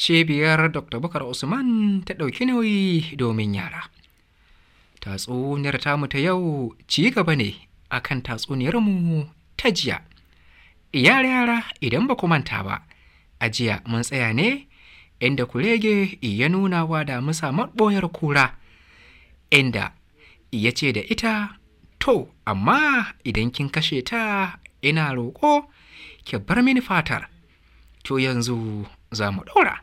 cibiyar dr bukar usman ta ɗauki nauyi domin yara tatsuniyar tamu ta yau ci gaba ne akan tatsuniyarmu ta jiya yara yara idan ba ku manta ba a jiya mun tsaya ne inda ku rege ya nuna wa da musa maɓoyar kura inda ya ce da ita to amma idan kin kashe ta ina roƙo ke bar mini fatar to yanzu za mu ɗaura.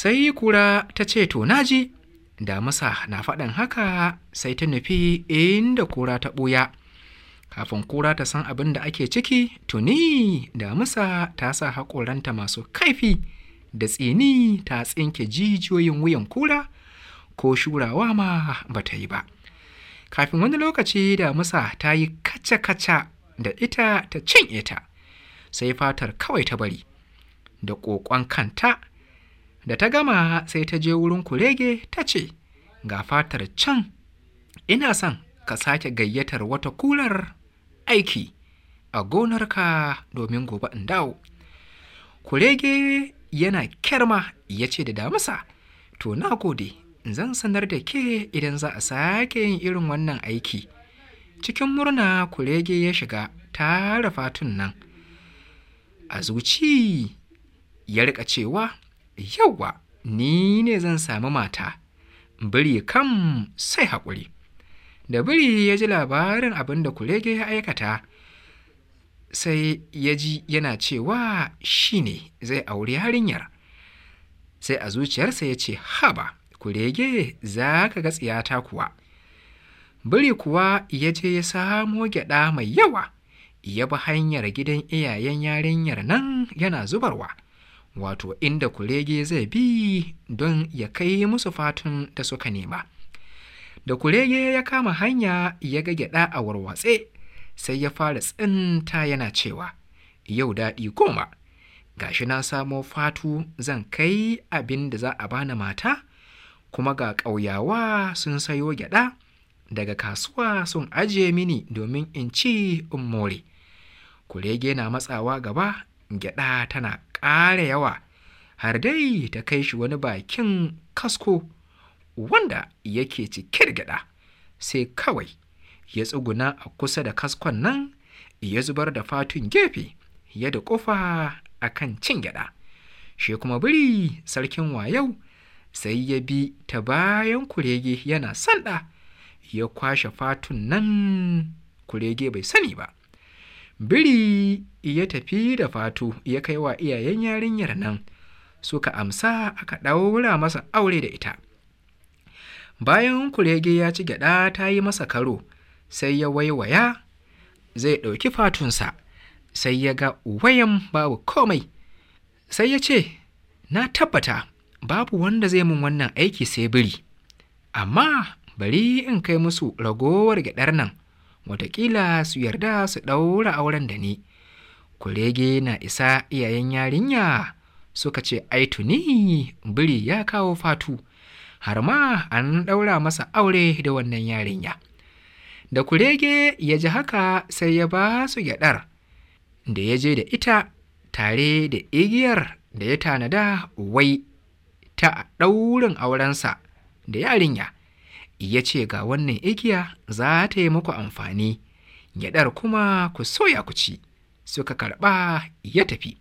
sai kura ta ce to naji da masa na faɗin haka sai ta nufi inda kura ta ɓuya kafin kura ta san abin da ake ciki tuni da musa ta sa haƙoranta masu kaifi da tsini ta tsinke jijiyoyin wuyan kura ko shurawa ma ba ta yi ba kafin wani lokaci damusa ta yi kaca-kaca da ita ta cinye ta sai fatar kawai ta bari da ƙoƙon kanta da ta gama sai ta je wurin kurege ta ce ga fatar can ina son ka sake gayyatar wata kular aiki a gonarka domin gobe in dawo kurege yana kyarma ya ce da damusa to na gode zan sanar da ke idan za a sake yin irin wannan aiki cikin murna kurege ya shiga tara fatun nan a zuci ya rika cewa yauwa ni ne zan sami mata biri kam sai haƙuri da biri ya ji labarin abin da kurege ya aikata sai ya ji yana cewa shi ne zai auri yarinyar sai a zuciyarsa ya ce haba kurege za ka ga tsiyata kuwa biri kuwa ya je ya samo gyaɗa mai yawa ya bi hanyar gidan iyayen yarinyar nan yana zubarwa wato inda kurege zai bi don ya kai musu fatun da suka nema da kurege ya kama hanya ya ga gyaɗa a warwatse sai ya fara tsinta yana cewa yau daɗi goma gashi na samo fatu zan kai abin da za a bani mata kuma ga ƙauyawa sun sayo gyaɗa daga kasuwa sun ajiye mini domin in ci in more kurege na matsawa gaba gyaɗa tana ƙara yawa har dai ta kai shi wani bakin kasko wanda yake cike da gyaɗa sai kawai ya tsuguna a kusa da kaskon nan ya zubar da fatun gefe ya da ƙofa a kan cin gyaɗa shi kuma biri sarkin wayau sai ya bi ta bayan kurege yana sanda ya kwashe fatun nan kurege bai sani ba biri ya tafi da fatu ya kai wa iyayen yarinyar nan suka amsa aka ɗaura masa aure da ita bayan kurege ya ci gyada ta yi masa karo sai ya waiwaya zai ɗauki fatunsa sai ya ga wayan babu komai sai ya ce na tabbata babu wanda zai mun wannan aiki sai biri amma bari in kai musu ragowar gyaɗar nan watakila su yarda su ɗaura auren da ni kurege na isa iyayen yarinya suka ce ai tuni biri ya kawo fatu har ma an ɗaura masa aure da wannan yarinya da kurege ya ji haka sai ya ba su gyaɗar da ya je da ita tare da igiyar da ya tanada wai ta ɗaurin aurensa da yarinya ya ce ga wannan igiya za ta yi muku amfani gyaɗar kuma ku soya ku ci suka karɓa ya tafi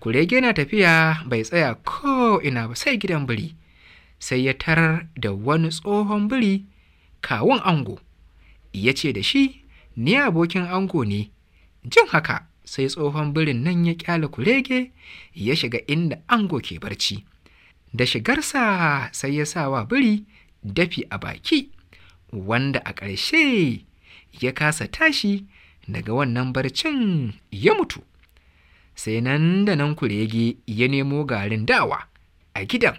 kurege na tafiya bai tsaya ko ina ba sai gidan biri sai ya tarar da wani tsohon biri kawun ango ya ce da shi ni abokin ango ne jin haka sai tsohon birin nan ya kyale kurege ya shiga inda ango ke barci da shigarsa sai ya sa wa biri dafi a baki wanda a ƙarshe ya kasa tashi daga wannan barcin ya mutu sai nan da nan kurege ya nemo garin dawa a gidan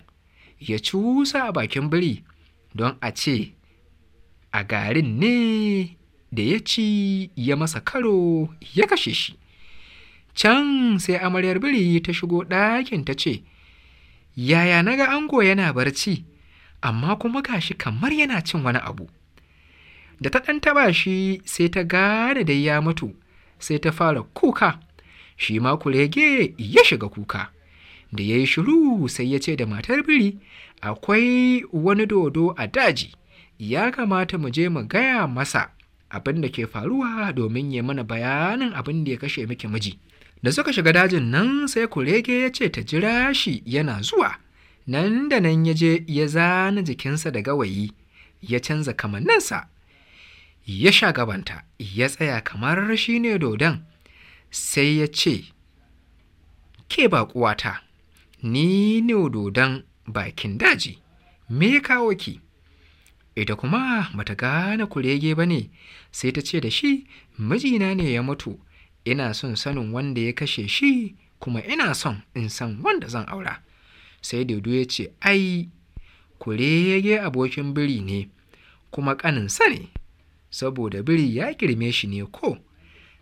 ya cusa a bakin biri don a ce a garin ne da ya ci ya masa karo ya kashe shi can sai amaryar biri ta shigo ɗakin ta ce yaya na ga ango yana barci amma kuma gashi kamar yana cin wani abu da ta ɗan taɓa shi sai ta gane da ya mutu sai ta fara kuka shi ma kurege ya shiga kuka da ya yi shiru sai ya ce da matar biri akwai wani dodo a daji ya kamata mu je mu gaya masa abin da ke faruwa domin ya mana bayanin abin da ya kashe miki miji da suka shiga dajin nan sai kurege ya ce ta jira shi yana zuwa nan da nan ya je ya zana jikinsa da gawayi ya canza kamanninsa ya sha gabanta ya tsaya kamar shi ne dodon sai ya ce ke ba kuwata ni ne dodon bakin daji me kawo ki ita kuma bata gane kurege ba ne sai ta ce da shi mijina ne ya mutu ina son sanin wanda ya kashe shi kuma ina son in san wanda zan aura sai dodo ya ce ai kurege abokin biri ne kuma ƙaninsa ne saboda biri ya girme shi ne ko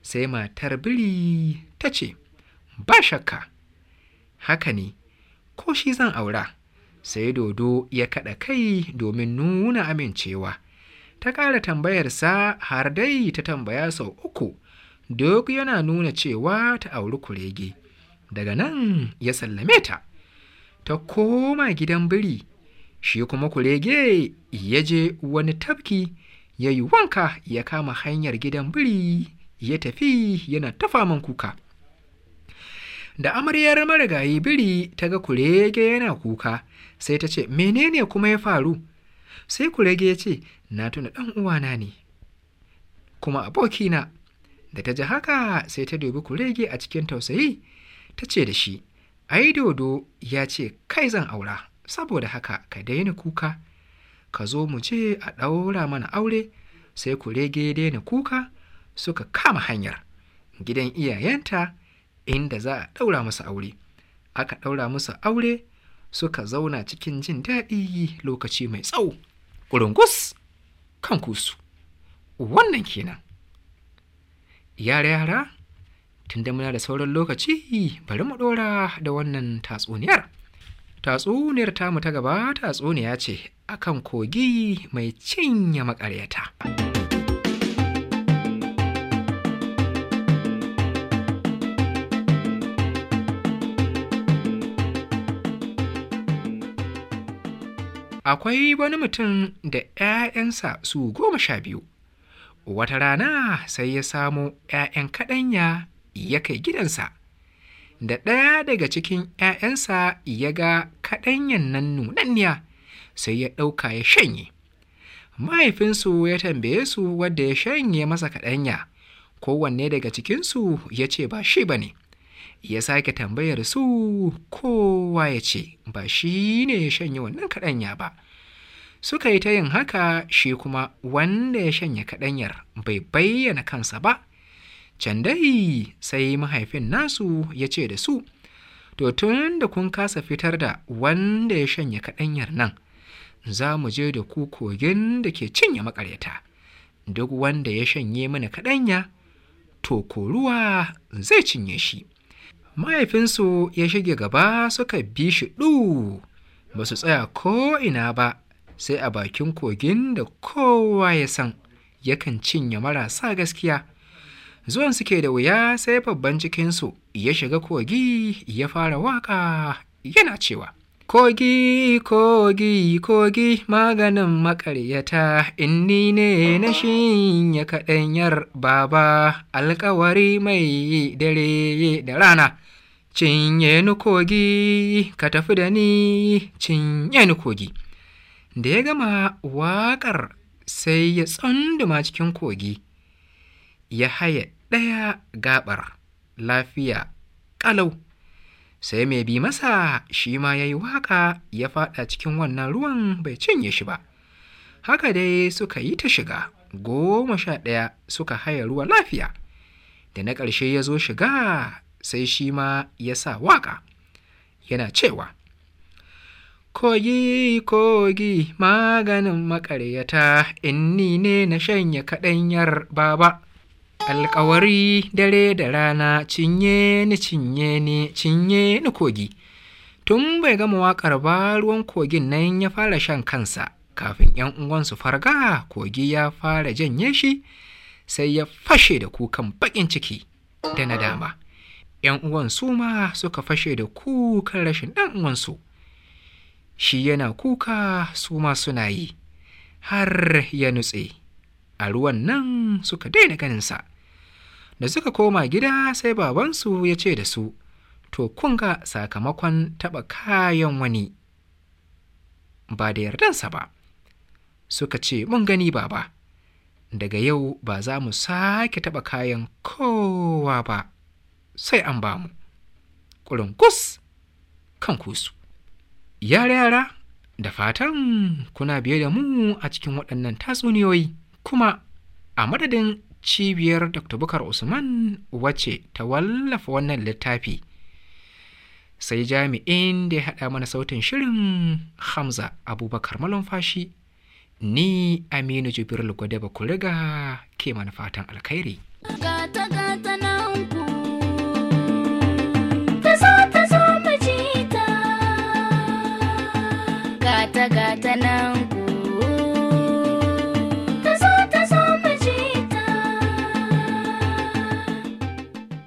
sai matar biri ta ce ba shakka haka ne ko shi zan aura sai dodo ya kaɗa kai domin nuna amincewa ta ƙara tambayarsa har dai ta tambaya sau uku duk yana nuna cewa ta auri kurege daga nan ya sallame ta ta koma gidan biri shi kuma kurege ya je wani tafki ya yi wanka ya kama hanyar gidan biri ya tafi yana ta faman kuka da amaryar marigayi biri ta ga kurege yana kuka sai ta ce menene kuma ya faru sai kurege ya ce na tuna ɗan uwana ne kuma abokina da ta ji haka sai ta dubi kurege a cikin tausayi ta ce da shi ai dodo ya ce kai zan aura saboda haka ka daina kuka ka zo mu je a ɗaura mana aure sai kurege daina kuka suka kama hanyar gidan iyayenta inda za a ɗaura musu aure aka ɗaura musu aure suka zauna cikin jin daɗi lokaci mai tsawo ƙurungus kan kusu wannan kenan yara yara tunda muna da sauran lokaci bari mu ɗora da wannan tatsuniyar tatsuniyar tamu ta gaba tatsuniya ce akan kogi mai cinye makaryata akwai wani mutum da 'ya'yansa su goma sha biyu wata rana sai ya samu ‘ya'yan kaɗanya ya kai gidansa da ɗaya daga cikin ‘ya'yansa ya ga kaɗanyan nan nunanniya sai ya ɗauka ya shanye mahaifinsu ya tambaye su wadda ya shanye masa kaɗanya kowanne daga cikinsu ya ce ba shi ba ne ya sake tambayar su kowa ya ce ba shi ne ya shanye wannan kaɗanya ba suka yi ta yin haka shi kuma wanda ya shanya kaɗanyar bai bayyana kansa ba can dai sai mahaifin nasu ya ce da su to tun da kun kasa fitar da wanda ya shanya kaɗanyar nan za mu je da ku kogin da ke cinye makaryata duk wanda ya shanye mana kaɗanya to koruwa zai cinye shi mahaifinsu ya shige gaba suka bi shi ɗu ba su tsaya ko'ina ba sai a bakin kogin da kowa ya san yakan cinye marasa gaskiya zuwan suke da wuya sai babban cikinsu ya shiga kogi ya fara waka yana cewa kogi kogi kogi maganin makaryata inni ne na shinya kaɗanyar baba alkawari mai dare da rana cinye ni kogi ka tafi da ni cinye ni kogi da ya gama waƙar sai ya tsanduma cikin kogi ya haya ɗaya gaɓar lafiya ƙalau sai mai bi masa shi ma ya yi waƙa ya faɗa cikin wannan ruwan bai cinye shi ba haka dai suka yi ta shiga goma sha ɗaya suka haya ruwa lafiya da na ƙarshe ya zo shiga sai shi ma ya sa waƙa yana cewa Kogi kogi maganin maƙaryata inni ne na shanya kaɗanyar baba. Alƙawari dare da rana cinye ni cinye ni cinye ni kogi. Tun bai gama waƙar ba ruwan kogin nan ya fara shan kansa kafin ‘yan uwansu farga kogi ya fara janye shi sai ya fashe da kukan baƙin ciki da na dama. ‘Yan uwan ma suka fashe da kukan rashin ɗan uwansu. shi yana kuka su suna yi har ya nutse a ruwan nan suka daina ganinsa da suka koma gida sai babansu ya ce da su to kunga sakamakon taɓa kayan wani ba da yardansa ba suka ce mun gani baba daga yau ba za mu sake taɓa kayan kowa ba sai an ba mu kus kan kusu Yara yara, da fatan kuna biye da mu a cikin waɗannan tatsuniyoyi kuma a madadin cibiyar Dr. Bukar Usman wacce ta wallafa wannan littafi. Sai jami'in da ya haɗa mana sautin shirin Hamza Abubakar Malumfashi, ni Aminu Jibril Gwade Kuliga ke mana fatan alkhairi. nan